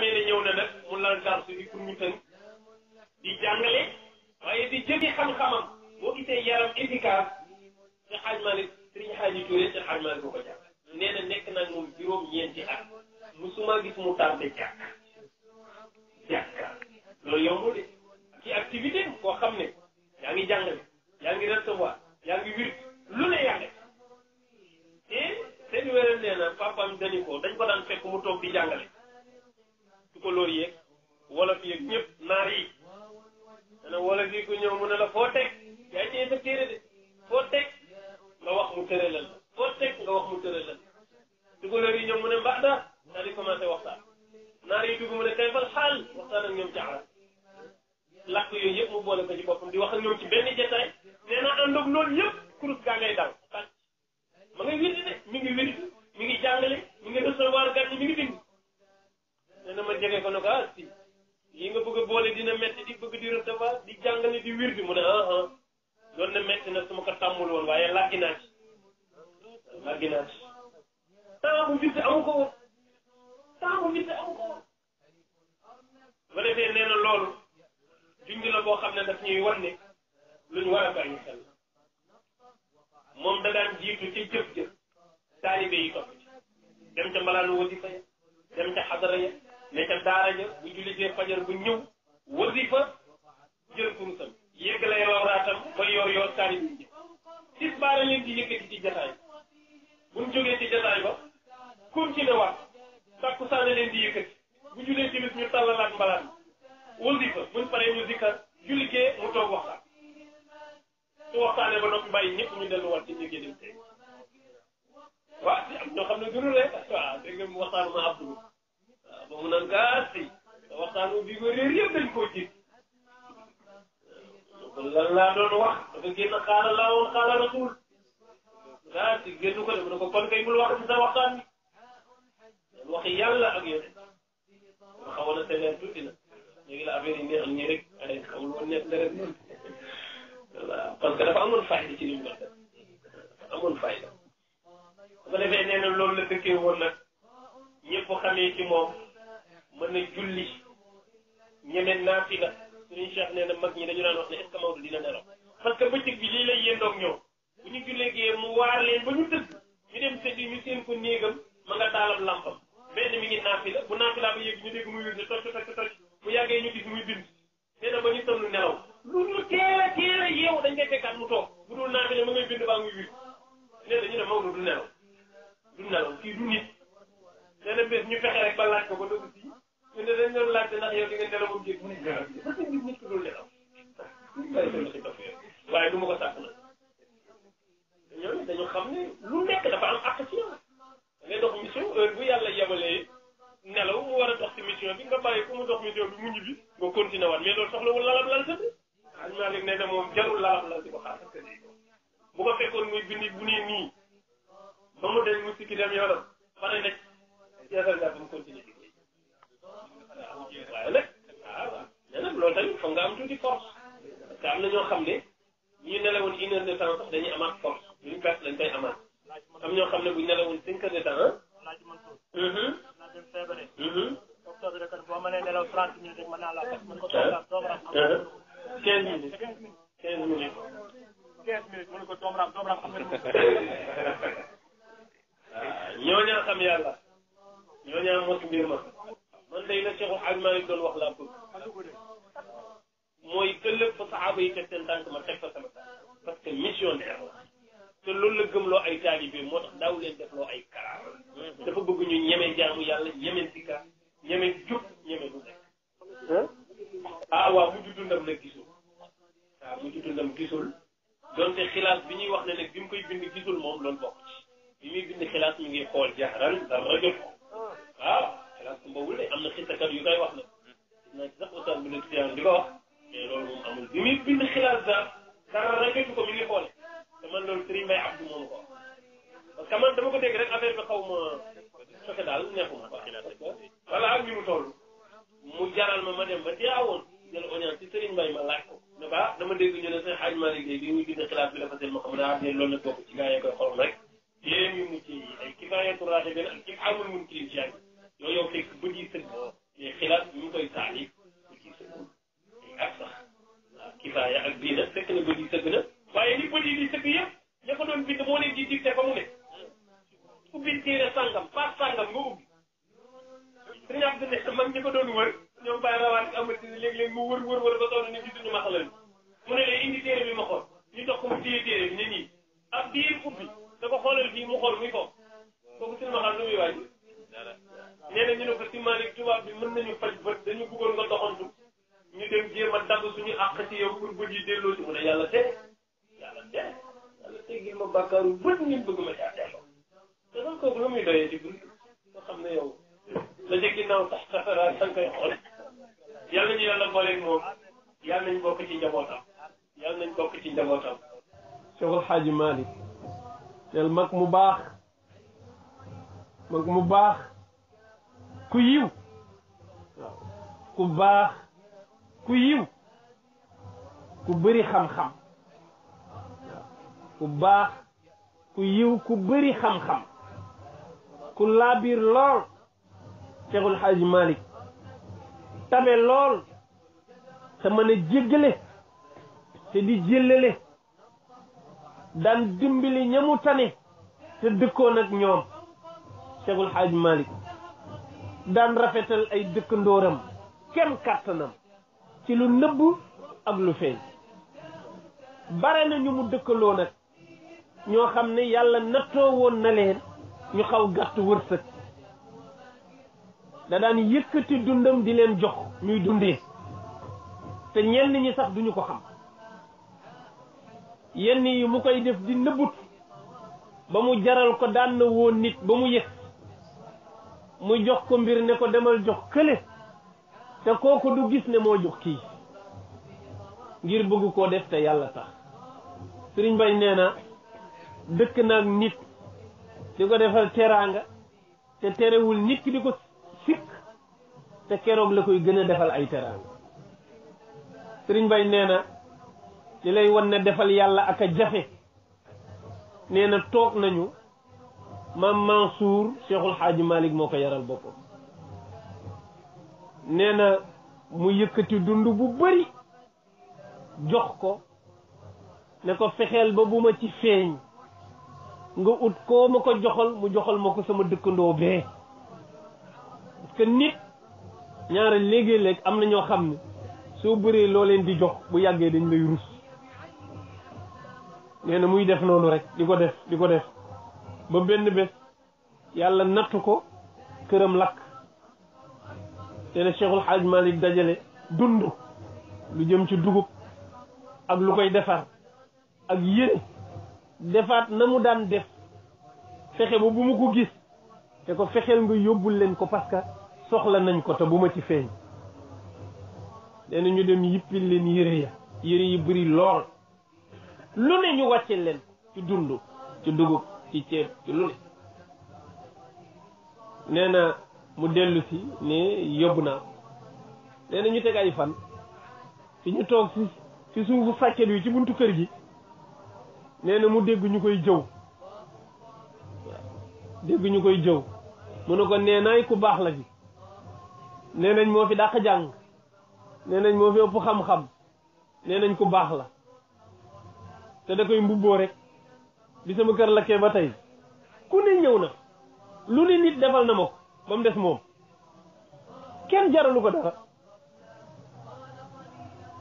xamee ñëw na nag mu lal darsu bi pour ñu tënk di jàngale waaye di jëli xam-xamam boo gisee yaram efficace ci xaaj Malick Serigne Hadji Touré ko jàpp nee na nekk nag moom juróom-ñeenti at musuma gis mu tardé jàkk jàkk loolu yombul de ci activité koo xam ne yaa ngi jàngale yaa ngi recevoir yaa ngi wir lu ne yaa def seen wéral nee na papaam dañu ko dañ ko daan fekk mu toog di jàngale tukulóor yeeg wolof yeeg ñëpp naar yi dana wolof yi ku ñëw mu ne la foo teg yaa ngi sa téere de foo teg nga wax mu tëralal foo teg nga wax mu tëralal tukulóor yi ñoom mu ne mbaada daal di commencé waxtaan naar yi dugg mu ne kayfal xaal waxtaan ak ñoom caxara làkk yooyu yëpp mu boole ko ci boppam di wax ak ñoom ci benn jotaay nee na ànd ak loolu yëpp kurus gaa ngay dal ma ngay wirdi de mi ngi wirdi mi ngi jàngale mi ngi recevoir ne ko ne ko ah si yi nga bëgg a boole dina métti di bëgg di recevoir di jàngale di wir di mu ne ah ah loolu na métti na boo xam ne daf ñuy wan ne lu ñu war a bàyyi moom da daan ci jëf-jëf taalibe yi topp dem ca mbalaanu wasifa ya dem ca xadara ya ne daara ja bu julli jullisee fajar bu ñëw wasifa jël kurusam yëggale raatam ba yor yor tari bi sis baara leen di yëkkati ci jataay bu mu jógee ci jataay ba kum ci continué waat takku saana leen di yëkkati bu ci nit ñu tàllalaat mbalaat wasifa buñ paree ñu zikkar julligee mu toog waxtaan su waxtaanee ba noppi bàyyi ñëpp ñu delluwaat ci ñu dem tey waaw am ñoo xam ne duru rek waaw dégg nga mu waxtaan ma abdou ba mun a gaas yi bi ko réer yëpp dañ koo ji lan laa doon wax dafa génn xaala laa woon xaala rasul gaas yi génn ko na ko kon kay bul wax ci sa waxtaan bi doon waxi yàlla ak yow dama xawoon a sévère tuuti na léegi la affaire yi neex ñi rek ay xamul woon nekk dara voilà parce que dafa amoon fayda ci li mu doon def amoon fayda bu ko defee nee na loolu la dëkkee woon nag ñëpp xamee ci moom mën na julli ñeme naafila suñu cheikh nee na mag ñi dañu daan wax ne est ce que Maodo dina nelaw parce que bëccëg bi lii lay yëndoog ñoom bu ñu jullee gee mu waar leen ba ñu tëdd ñu dem tëdd ñu ma nga taalam lampam benn mi ngi naafila bu naafilaa ba yëg ñu dégg muy wirde tocc tocc tocc bu yàggee ñu gis muy bind nee na ba ñu tënnu nelaw lu ñu teel a yeewu dañ koy fekkaat mu to bu dul naafila ma ngay bind baa muy wir nee ñu ne Maodo du nelaw du nelaw kii du nit nee na ñu fexe rek ba laaj ko ba dugg ñu ne dañu doon laajte ndax yow di nga nelaw mu jéem mu ne nelaw ba tey nit ku dul nelaw waaye du ma ko sàkk nag ñooñu dañu xam ne lu nekk dafa am àq ci yow da ngay dox mission heure bu yàlla yebalee nelaw mu war a dox ci mission bi nga bàyyi ku mu dox mission bi mu ñibbi nga continué waat mais loolu soxlawul lalab lal sa bi xam naa léegi nee na moom jarul lalab lal di ko xaar bu ko fekkoon muy bindi bu nee nii ba mu dañ mu sikki dem yoonam pare nag yeesal daal ba mu continué waaye nag waaw mais nag loolu tamit foog nga am tuuti force parce am na ñoo xam ne bu ñu nelawoon une heure de temps sax dañuy amaat force bu ñu perte dañ koy amaat am ñoo xam ne bu ñu de temps. nelaw trente minutes rek mën naa la mën ko toogaat minutes quinze minutes quinze minutes mën ko doogaram mos mbir ma man day na Cheikh ak malik doon wax la ko moy ke lepp sahaba yi teg seen tànk ma tek fa sama parce que missionnaire la te loolu la gëmloo ay talibé motax daw daaw def lo ay karar dafa bëgg ñu ñeme jaamu yàlla ñeme sikka ñeme jub ñeme du nekk ah waaw du dundam nag gisul sa waaw du dundam gisul donte xilaas bi ñuy wax ne nag bi mu koy bind gisul mom loolu bokk ci bi muy bind xilaas mi ngi xool jahran da jot ko ak Kumba Wule am na xisakat yu koy wax nag gis naa sax Oustaz Boury Siyaan di ko wax mais loolu moom amul bi muy bind xilaas daal dara rëggatu ko mi ngi xoole te man loolu Serigne Mbaye Abdou moomu ko parce que man dama ko dégg rek affaire bi xaw ma soxe daal neexuma quoi parce que voilà ak ñu mu toll mu jaral ma ma dem ba teewoon jël audience ci Serigne Mbaye ma laaj ko ne ba dama dégg ñu ne seen xaaj Malick Gueye bi muy bind xilaas bi dafa seen ma xam daa am ne loolu nag bokk ci gars yi koy xorom rek yéen ñu mucc yi ay kifaayatu raaxe benn ak kif amul mun kilim ci yàgg yow yow fekk bët yi sëgg mais eh, xilaat bi ñu koy taalif bët yi sëggul day eh, ak sax waaw ak bii nag fekk na bët yi sëgg na waaye li bët yi di sëgg yëpp ña ko doon bind moo leen di dicté fa mu ne ubbi téere sàngam paas sàngam nga ubbi sëriñ Abdu ne man ñi ko doon wër ñoom bàyyi rawaat amati léeg-léeg mu wër wër wër ba sonn ni gisuñu maxalal mu ne leen indi téere bi ma xool ñu dox ko mu téye téere bi ne nii ab biir ubbi da ko xoolal fii mu xool muy foofu kooku sëriñ maxal nee na ñu ne ko ci Malick tubaab bi mën nañu faj bët dañu bëggoon nga doxantu ñu dem jéem a dagg suñu àq ci yow pour bët yi delloo si mu ne yàlla te yàlla te yàlla teggil ma bàkkaaru bët ngeen bëgg ma caa delloo te loolu kooku lu muy doyee ci bunt nga xam ne yow la ca ginnaaw tax taxaraa da koy xool yàlla ñu yàlla moom yàlla nañ bokk ci njabootam yàlla nañ bokk ci njabootam. Cheikh Hadji Malick. mag mu baax mag mu baax. ku yiw ku baax ku yiw ku bëri xam-xam ku baax ku yiw ku bëri xam ku laabiir lool Cheikhul Hadji Malick tabe lool te mën a jéggale te di jéllale daan dimbali ñamu tane te dëkkoon ak ñoom Cheikhul Hadji Malick daan rafetal ay dëkkandooram kem kàttanam ci lu nëbb ak lu feeñ bare na ñu mu dëkkaloo nag ñoo xam ne yàlla nattoo woon na leen ñu xaw gàtt wërsëg da daan yëkkati dundam di leen jox ñuy dundee te ñenn ñi sax duñu ko xam yenn yi mu koy def di nëbbut ba mu jaral ko daan na woon nit ba mu yëg mu jox ko mbir ne ko demal jox kële te kooku du gis ne moo jox kii ngir bëgg koo def te yàlla tax sëriñ bay nee dëkk naa nit di ko defal teraanga te terewul nit ki di ko sikk te keroog la koy gën a defal ay teraanga sëriñ bay nee di lay wan ne defal yàlla ak a jafe nee na toog nañu maam Mansour Cheikhul Xaaji Malick moo ko yaral boppam nee na mu yëkkati dund bu bari jox ko ne ko fexeel ba bu ma ci feeñ nga ut koo ma ko joxal mu joxal ma ko sama dëkkandoo bee parce que nit ñaare léegi-léeg am na ñoo xam ne soo bëree loo leen di jox bu yàggee dañ lay rus nee na muy def noonu rek di ko def di ko def ba benn bés yàlla nattu ko këram lakk te ne Cheikhul Hadj Malick dajale dund lu jëm ci dugub ak lu koy defar ak yére defaat na mu daan def fexe ba bu mu ko gis te ko fexeel nga yóbbul leen ko parce que soxla nañ ko te bu ma ci feeñ nee na ñu dem yippil leen yére ya yére yi bëri lool lu ne ñu wàcce leen ci dund ci dugub ci ceeb ci lu ne nee na mu dellu si ne yóbbu naa nee na ñu teg ay fan fi ñu toog si si suufu sàkket wi ci buntu kër gi nee na mu dégg ñu koy jëw dégg ñu koy jëw mu ne ko nee naay ku baax la fi nee nañ moo fi daq jàng nee nañ moo fi ëpp xam-xam nee nañ ku baax la te da koy mbubboo rek bi sama kër lakkee ba tey ku ne ñëw na lu ne nit defal na ma ko ba mu des moom kenn jaralu ko dara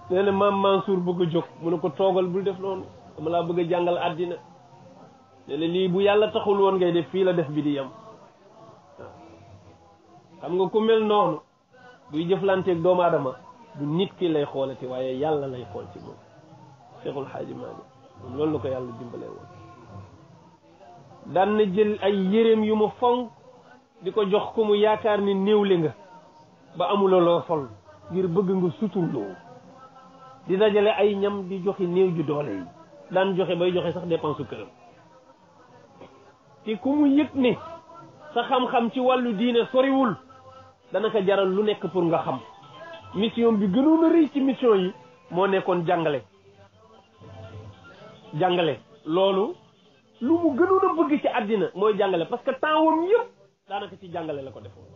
nee na maam Mansour bëgg a jóg mu ne ko toogal bul def noonu dama laa bëgg a jàngal àddina nee na lii bu yàlla taxul woon ngay def fii la def bi di yem xam nga ku mel noonu buy jëflanteeg doomu aadama du nit ki lay xoolati waaye yàlla lay xool ci moom Cheikhul Xaaji Maalik loolu la ko yàlla dimbalee woon daan na jël ay yéreem yu ma fonk di ko jox ko mu yaakaar ni néew néewle nga ba amuloo loo sol ngir bëgg nga suturloo di dajale ay ñam di joxe néew ju doole daan joxe bay joxe sax dépense këram te ku mu yëg ne sa xam-xam ci wàllu diine soriwul dana ko jaral lu nekk pour nga xam mission bi gënoon a rëy ci mission yi moo nekkoon jàngale jàngale loolu lu mu gënoon a bëgg ci àddina mooy jàngale parce que temps wam yëpp daanaka ci jàngale la ko defoon